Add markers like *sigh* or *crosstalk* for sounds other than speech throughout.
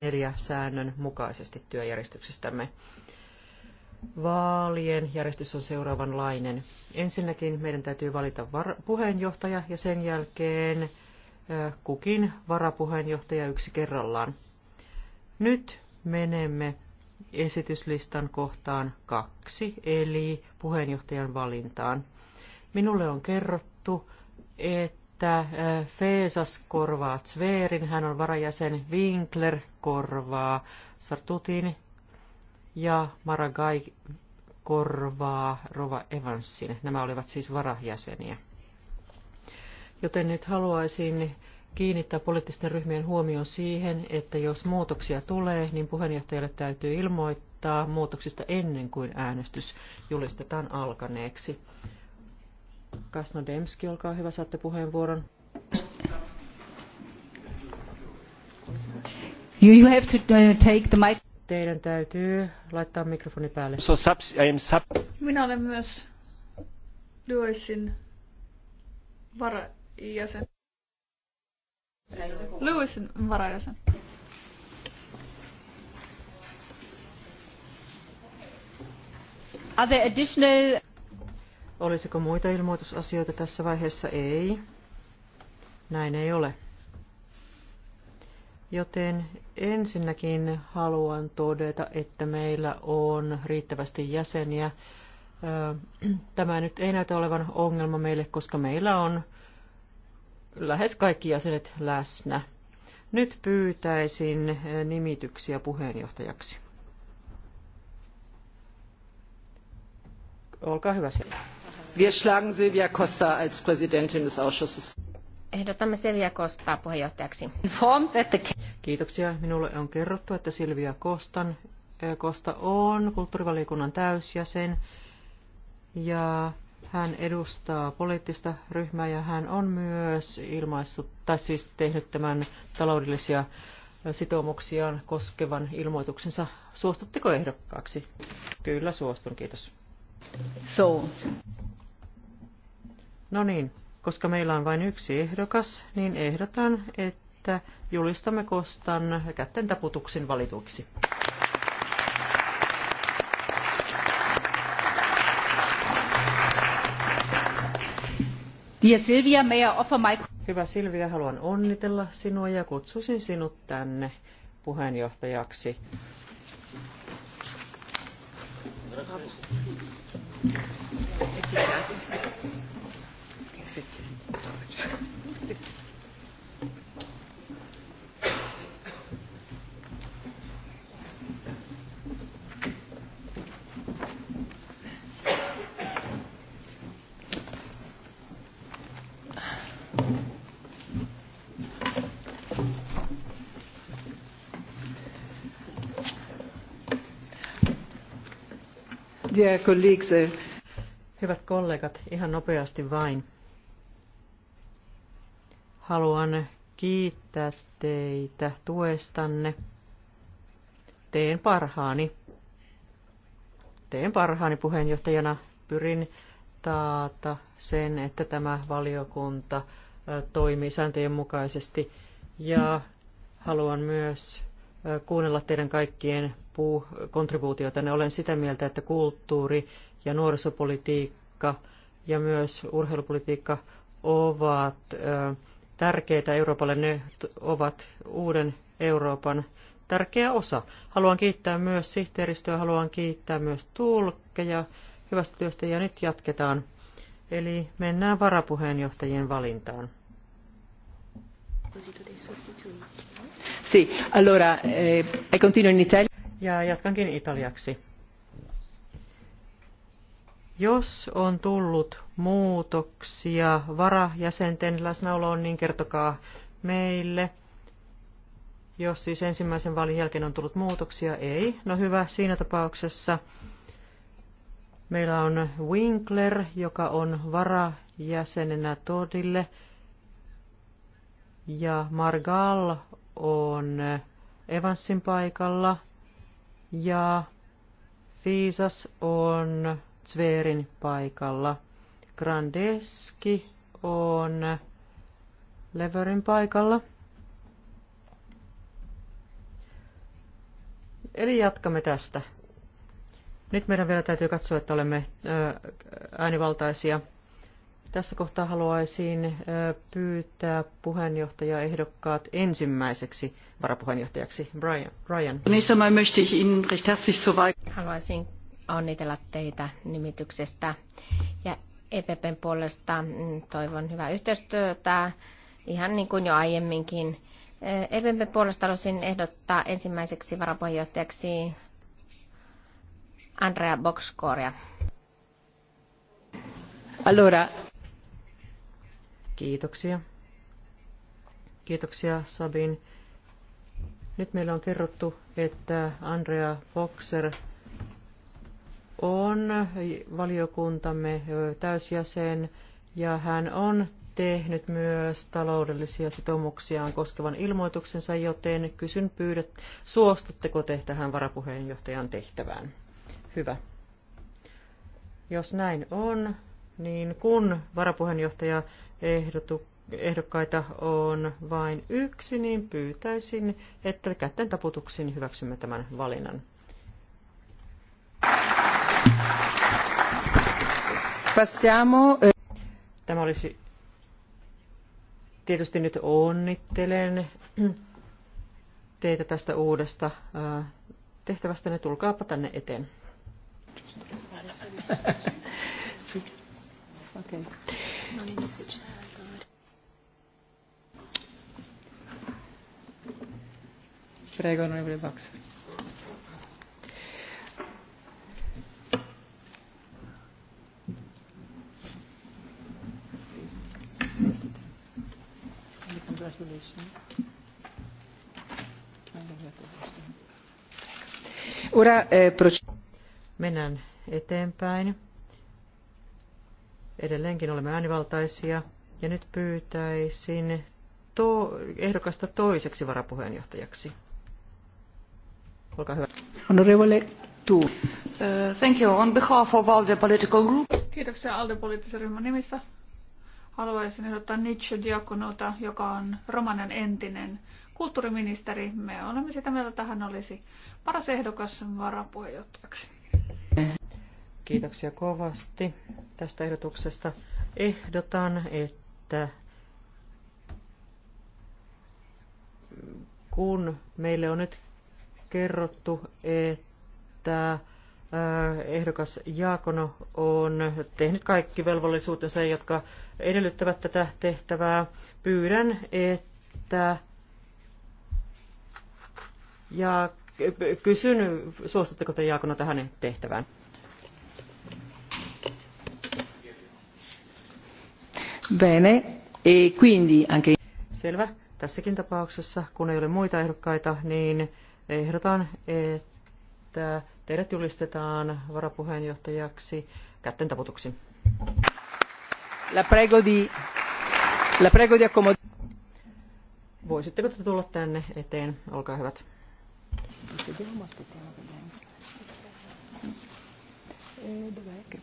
neljä säännön mukaisesti työjärjestyksestämme. Vaalien järjestys on seuraavanlainen. Ensinnäkin meidän täytyy valita var- puheenjohtaja ja sen jälkeen kukin varapuheenjohtaja yksi kerrallaan. Nyt menemme esityslistan kohtaan kaksi, eli puheenjohtajan valintaan. Minulle on kerrottu, että että äh, Feesas korvaa Zverin, hän on varajäsen, Winkler korvaa Sartutin ja Maragai korvaa Rova Evansin. Nämä olivat siis varajäseniä. Joten nyt haluaisin kiinnittää poliittisten ryhmien huomioon siihen, että jos muutoksia tulee, niin puheenjohtajalle täytyy ilmoittaa muutoksista ennen kuin äänestys julistetaan alkaneeksi. Kasnodemski, olkaa hyvä, saatte puheenvuoron. You have to uh, take the mic. Teidän täytyy laittaa mikrofoni päälle. So, subs, I am sub... Minä olen myös Lewisin varajäsen. Lewisin varajäsen. Are there additional Olisiko muita ilmoitusasioita tässä vaiheessa? Ei. Näin ei ole. Joten ensinnäkin haluan todeta, että meillä on riittävästi jäseniä. Tämä nyt ei näytä olevan ongelma meille, koska meillä on lähes kaikki jäsenet läsnä. Nyt pyytäisin nimityksiä puheenjohtajaksi. Olkaa hyvä siellä. Wir schlagen Silvia Costa als Präsidentin des Ausschusses. Ehdotamme Silvia Kostaa puheenjohtajaksi. Kiitoksia. Minulle on kerrottu, että Silvia Kostan, Kosta eh, on kulttuurivaliokunnan täysjäsen ja hän edustaa poliittista ryhmää ja hän on myös ilmaissut, tai siis tehnyt tämän taloudellisia sitoumuksiaan koskevan ilmoituksensa. Suostutteko ehdokkaaksi? Kyllä suostun, kiitos. No niin, koska meillä on vain yksi ehdokas, niin ehdotan, että julistamme Kostan kätten taputuksin valituiksi. Silvia, Hyvä Silvia, haluan onnitella sinua ja kutsusin sinut tänne puheenjohtajaksi. Gracias. Dear colleagues, eh, Hyvät kollegat, ihan nopeasti vain. Haluan kiittää teitä tuestanne. Teen parhaani. Teen parhaani puheenjohtajana. Pyrin taata sen, että tämä valiokunta eh, toimii sääntöjen mukaisesti. Ja haluan myös kuunnella teidän kaikkien puu- Olen sitä mieltä, että kulttuuri ja nuorisopolitiikka ja myös urheilupolitiikka ovat tärkeitä Euroopalle. Ne ovat uuden Euroopan tärkeä osa. Haluan kiittää myös sihteeristöä, haluan kiittää myös tulkkeja hyvästä työstä ja nyt jatketaan. Eli mennään varapuheenjohtajien valintaan. No? Sì, allora, eh, e continuo in Ja jatkankin italiaksi. Jos on tullut muutoksia varajäsenten läsnäoloon, niin kertokaa meille. Jos siis ensimmäisen vaalin jälkeen on tullut muutoksia, ei. No hyvä, siinä tapauksessa meillä on Winkler, joka on varajäsenenä Todille ja Margal on Evansin paikalla ja Fiisas on Zverin paikalla. Grandeski on Leverin paikalla. Eli jatkamme tästä. Nyt meidän vielä täytyy katsoa, että olemme äänivaltaisia. Tässä kohtaa haluaisin pyytää puheenjohtajaehdokkaat ensimmäiseksi varapuheenjohtajaksi Brian. Brian. Haluaisin onnitella teitä nimityksestä ja EPPn puolesta mm, toivon hyvää yhteistyötä, ihan niin kuin jo aiemminkin. EPPn puolesta haluaisin ehdottaa ensimmäiseksi varapuheenjohtajaksi Andrea Boxkoria. Allora, Kiitoksia. Kiitoksia Sabin. Nyt meillä on kerrottu, että Andrea Boxer on valiokuntamme täysjäsen ja hän on tehnyt myös taloudellisia sitoumuksiaan koskevan ilmoituksensa, joten kysyn pyydät, suostutteko te tähän varapuheenjohtajan tehtävään? Hyvä. Jos näin on, niin kun varapuheenjohtaja ehdotu, ehdokkaita on vain yksi, niin pyytäisin, että kätten taputuksiin hyväksymme tämän valinnan. Passiamo. Eh. Tämä olisi tietysti nyt onnittelen teitä tästä uudesta eh, tehtävästä. Ne niin tulkaapa tänne eteen. *laughs* Okay. Prego, onorevole Bax. Ora, eh, Mennään eteenpäin. Edelleenkin olemme äänivaltaisia. Ja nyt pyytäisin to- ehdokasta toiseksi varapuheenjohtajaksi. Olkaa hyvä. Honorable Tu. Uh, thank you. On behalf of ALDE political group. Kiitoksia ALDE poliittisen ryhmän nimissä. Haluaisin ehdottaa Nietzsche Diakonota, joka on romanen entinen kulttuuriministeri. Me olemme sitä mieltä, että hän olisi paras ehdokas varapuheenjohtajaksi. Kiitoksia kovasti tästä ehdotuksesta. Ehdotan, että kun meille on nyt kerrottu, että äh, ehdokas Jaakono on tehnyt kaikki velvollisuutensa, jotka edellyttävät tätä tehtävää. Pyydän, että ja kysyn, suostutteko te Jaakona tähän tehtävään? Bene. E quindi anche... Selvä. Tässäkin tapauksessa, kun ei ole muita ehdokkaita, niin ehdotan, että teidät julistetaan varapuheenjohtajaksi kätten taputuksin. La prego di... La prego di accomod... Voisitteko te tulla tänne eteen? Olkaa hyvät. Eh, dov'è che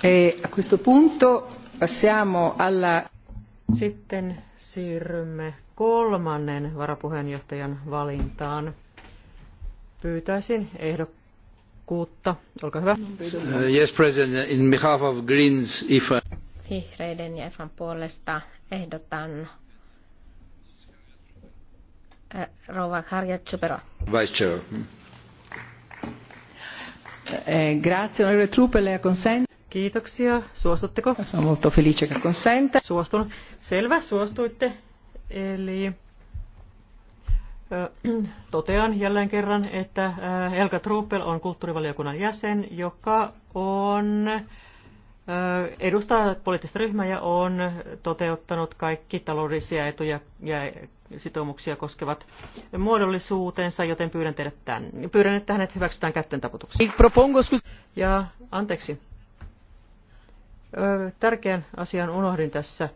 E a questo punto passiamo alla... Sitten siirrymme kolmannen varapuheenjohtajan valintaan. Pyytäisin ehdokkuutta. Olkaa hyvä. Uh, yes, President, in behalf of Greens, if I... Vihreiden ja EFAN puolesta ehdotan äh, rouva Harja Tsupero. Vice Chair. Hmm. Eh, grazie, onorevole Truppe, lei konsent. Kiitoksia. Suostutteko? Sono molto felice che consente. Suostun. Selvä, suostuitte. Eli *clears throat* totean jälleen kerran, että Elka Truppel on kulttuurivaliokunnan jäsen, joka on edustaa poliittista ryhmää ja on toteuttanut kaikki taloudellisia etuja ja sitoumuksia koskevat muodollisuutensa, joten pyydän, teidät tämän, pyydän että hänet hyväksytään kätten Ja anteeksi, tärkeän asian unohdin tässä.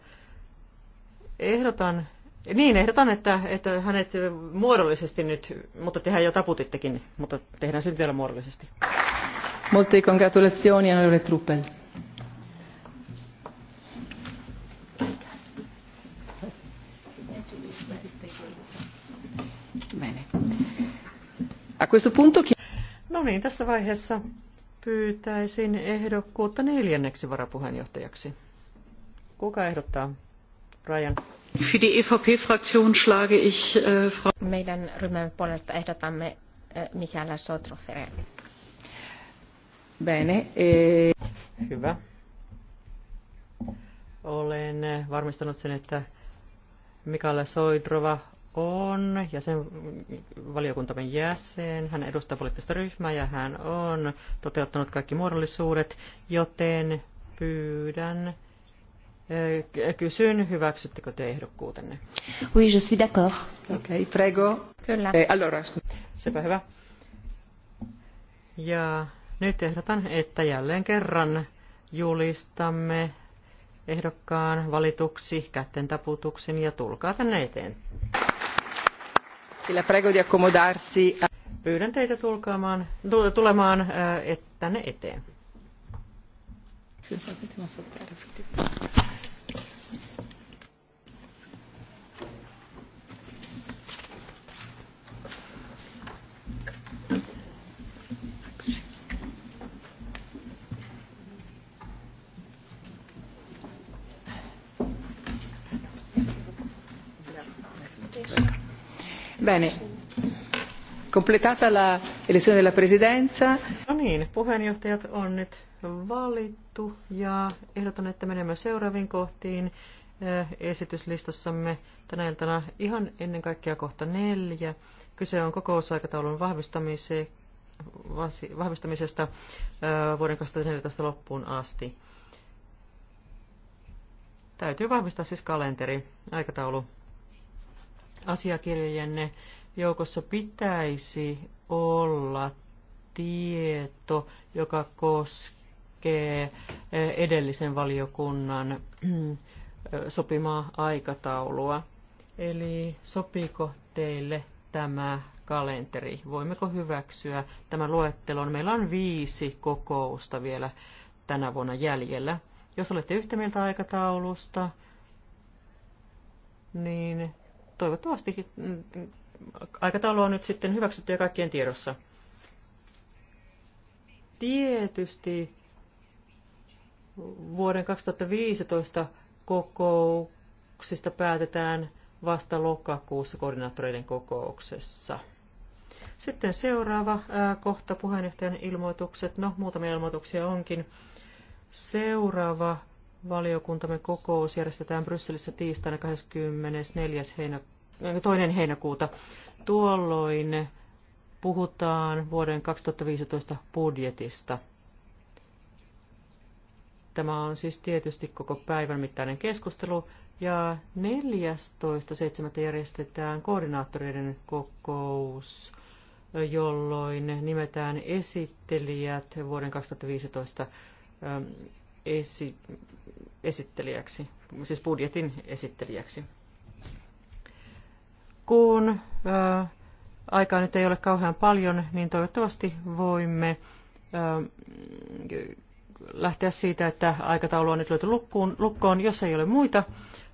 Ehdotan, niin ehdotan, että, että hänet muodollisesti nyt, mutta tehän jo taputittekin, mutta tehdään sen vielä muodollisesti. Molte congratulazioni, onorevole Truppel. A questo punto... No niin, tässä vaiheessa Pyytäisin ehdokkuutta neljänneksi varapuheenjohtajaksi. Kuka ehdottaa? Ryan. Für die EVP-Fraktion schlage ich äh, Frau... Meidän ryhmämme puolesta ehdotamme äh, Michaela Sotroferia. Bene. E... Hyvä. Olen varmistanut sen, että Mikaela Soidrova on ja sen valiokuntamme jäsen. Hän edustaa poliittista ryhmää ja hän on toteuttanut kaikki muodollisuudet, joten pyydän, eh, kysyn, hyväksyttekö te ehdokkuutenne? Oui, je suis d'accord. Okay, prego. Kyllä. Eh, allora. Sepä hyvä. Ja nyt ehdotan, että jälleen kerran julistamme ehdokkaan valituksi kätten taputuksen ja tulkaa tänne eteen. Sillä prego di accomodarsi. Pyydän teitä tulkaamaan, tulemaan äh, tänne eteen. Bene. Completata la elezione della presidenza. No niin, puheenjohtajat on nyt valittu ja ehdotan, että menemme seuraaviin kohtiin eh, esityslistassamme tänä iltana ihan ennen kaikkea kohta neljä. Kyse on kokousaikataulun vahvistamisesta eh, vuoden 2014 loppuun asti. Täytyy vahvistaa siis kalenteri, aikataulu asiakirjojenne joukossa pitäisi olla tieto, joka koskee eh, edellisen valiokunnan eh, sopimaa aikataulua. Eli sopiiko teille tämä kalenteri? Voimmeko hyväksyä tämän luettelon? Meillä on viisi kokousta vielä tänä vuonna jäljellä. Jos olette yhtä mieltä aikataulusta, niin toivottavasti mm, aikataulu on nyt sitten hyväksytty ja kaikkien tiedossa. Tietysti vuoden 2015 kokouksista päätetään vasta lokakuussa koordinaattoreiden kokouksessa. Sitten seuraava ää, kohta puheenjohtajan ilmoitukset. No, muutamia ilmoituksia onkin. Seuraava valiokuntamme kokous järjestetään Brysselissä tiistaina 24. Heinä, toinen heinäkuuta. Tuolloin puhutaan vuoden 2015 budjetista. Tämä on siis tietysti koko päivän mittainen keskustelu. Ja 14.7. järjestetään koordinaattoreiden kokous, jolloin nimetään esittelijät vuoden 2015 ähm, esi- esittelijäksi, siis budjetin esittelijäksi kun aikaa nyt ei ole kauhean paljon, niin toivottavasti voimme lähteä siitä, että aikataulu on nyt löyty lukkuun, lukkoon. Jos ei ole muita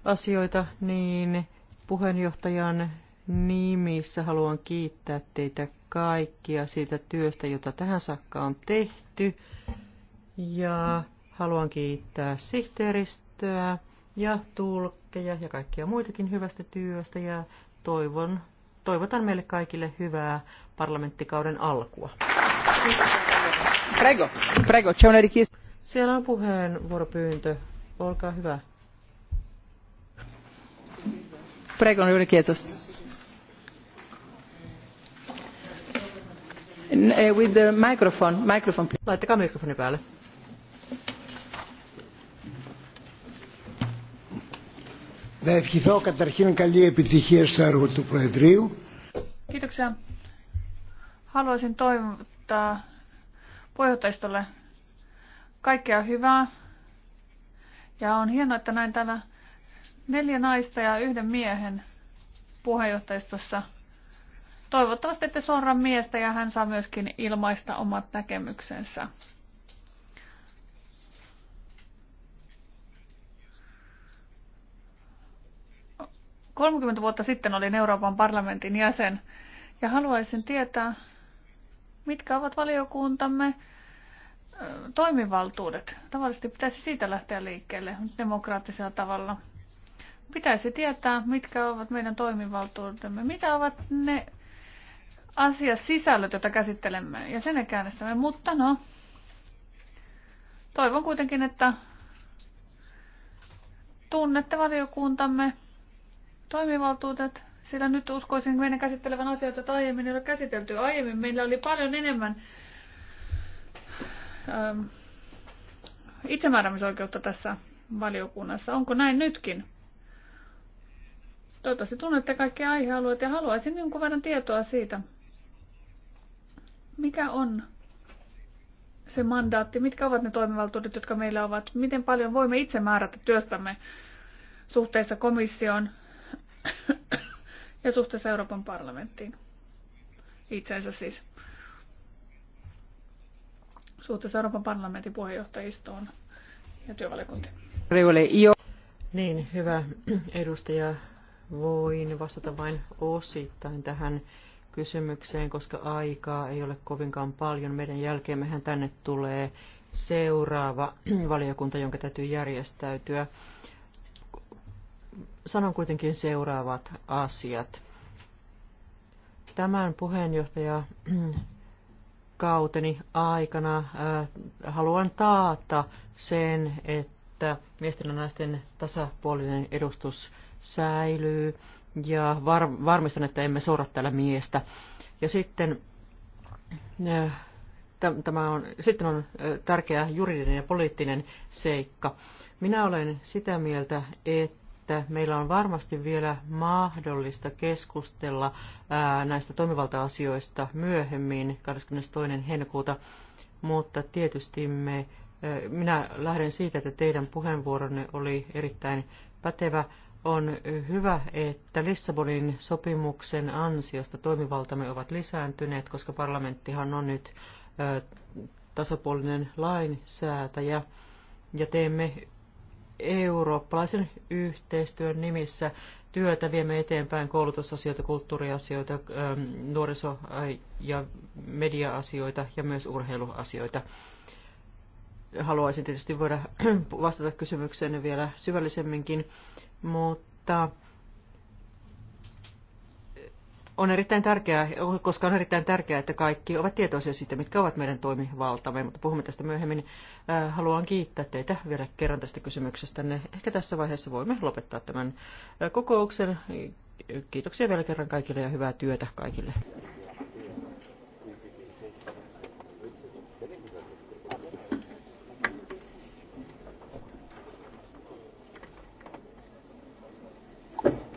asioita, niin puheenjohtajan nimissä haluan kiittää teitä kaikkia siitä työstä, jota tähän saakka on tehty. Ja haluan kiittää sihteeristöä ja tulkkeja ja kaikkia muitakin hyvästä työstä ja toivon, toivotan meille kaikille hyvää parlamenttikauden alkua. Prego, prego, c'è una richiesta. Siellä on puheenvuoropyyntö. Olkaa hyvä. Prego, on richiesta. Eh, with the microphone, microphone Laittakaa mikrofoni päälle. Να ευχηθώ καταρχήν καλή επιτυχία στο έργο του Προεδρείου. Haluaisin toivottaa puheenjohtajistolle kaikkea hyvää. Ja on hienoa, että näin täällä neljä naista ja yhden miehen puheenjohtajistossa. Toivottavasti ette sorra miestä ja hän saa myöskin ilmaista omat näkemyksensä. 30 vuotta sitten olin Euroopan parlamentin jäsen ja haluaisin tietää, mitkä ovat valiokuntamme toimivaltuudet. Tavallisesti pitäisi siitä lähteä liikkeelle demokraattisella tavalla. Pitäisi tietää, mitkä ovat meidän toimivaltuutemme, mitä ovat ne asiasisällöt, joita käsittelemme ja sen äänestämme. Mutta no, toivon kuitenkin, että tunnette valiokuntamme toimivaltuudet, sillä nyt uskoisin meidän käsittelevän asioita, että aiemmin ei ole käsitelty. Aiemmin meillä oli paljon enemmän ähm, itsemääräämisoikeutta tässä valiokunnassa. Onko näin nytkin? Toivottavasti tunnette kaikki aihealueet ja haluaisin jonkun verran tietoa siitä, mikä on se mandaatti, mitkä ovat ne toimivaltuudet, jotka meillä ovat, miten paljon voimme itse määrätä työstämme suhteessa komissioon *coughs* ja suhteessa Euroopan parlamenttiin. Itseensä siis suhteessa Euroopan parlamentin puheenjohtajistoon ja työvaliokuntiin. Niin, hyvä edustaja. Voin vastata vain osittain tähän kysymykseen, koska aikaa ei ole kovinkaan paljon. Meidän jälkeen mehän tänne tulee seuraava *clears throat* valiokunta, jonka täytyy järjestäytyä sanon kuitenkin seuraavat asiat. Tämän puheenjohtaja äh, kauteni aikana äh, haluan taata sen, että miesten ja naisten tasapuolinen edustus säilyy ja var- varmistan, että emme sorra täällä miestä. Ja sitten, äh, tämä on, sitten on tärkeä juridinen ja poliittinen seikka. Minä olen sitä mieltä, että että meillä on varmasti vielä mahdollista keskustella näistä toimivalta-asioista myöhemmin 22. heinäkuuta, mutta tietysti me, minä lähden siitä, että teidän puheenvuoronne oli erittäin pätevä. On hyvä, että Lissabonin sopimuksen ansiosta toimivaltamme ovat lisääntyneet, koska parlamenttihan on nyt tasapuolinen lainsäätäjä ja teemme eurooppalaisen yhteistyön nimissä työtä, viemme eteenpäin koulutusasioita, kulttuuriasioita, ähm, nuoriso- ja mediaasioita ja myös urheiluasioita. Haluaisin tietysti voida vastata kysymykseen vielä syvällisemminkin, mutta on erittäin tärkeää, koska on erittäin tärkeää, että kaikki ovat tietoisia siitä, mitkä ovat meidän toimivaltamme, mutta puhumme tästä myöhemmin. Äh, haluan kiittää teitä vielä kerran tästä kysymyksestä. Ehkä tässä vaiheessa voimme lopettaa tämän kokouksen. Kiitoksia vielä kerran kaikille ja hyvää työtä kaikille.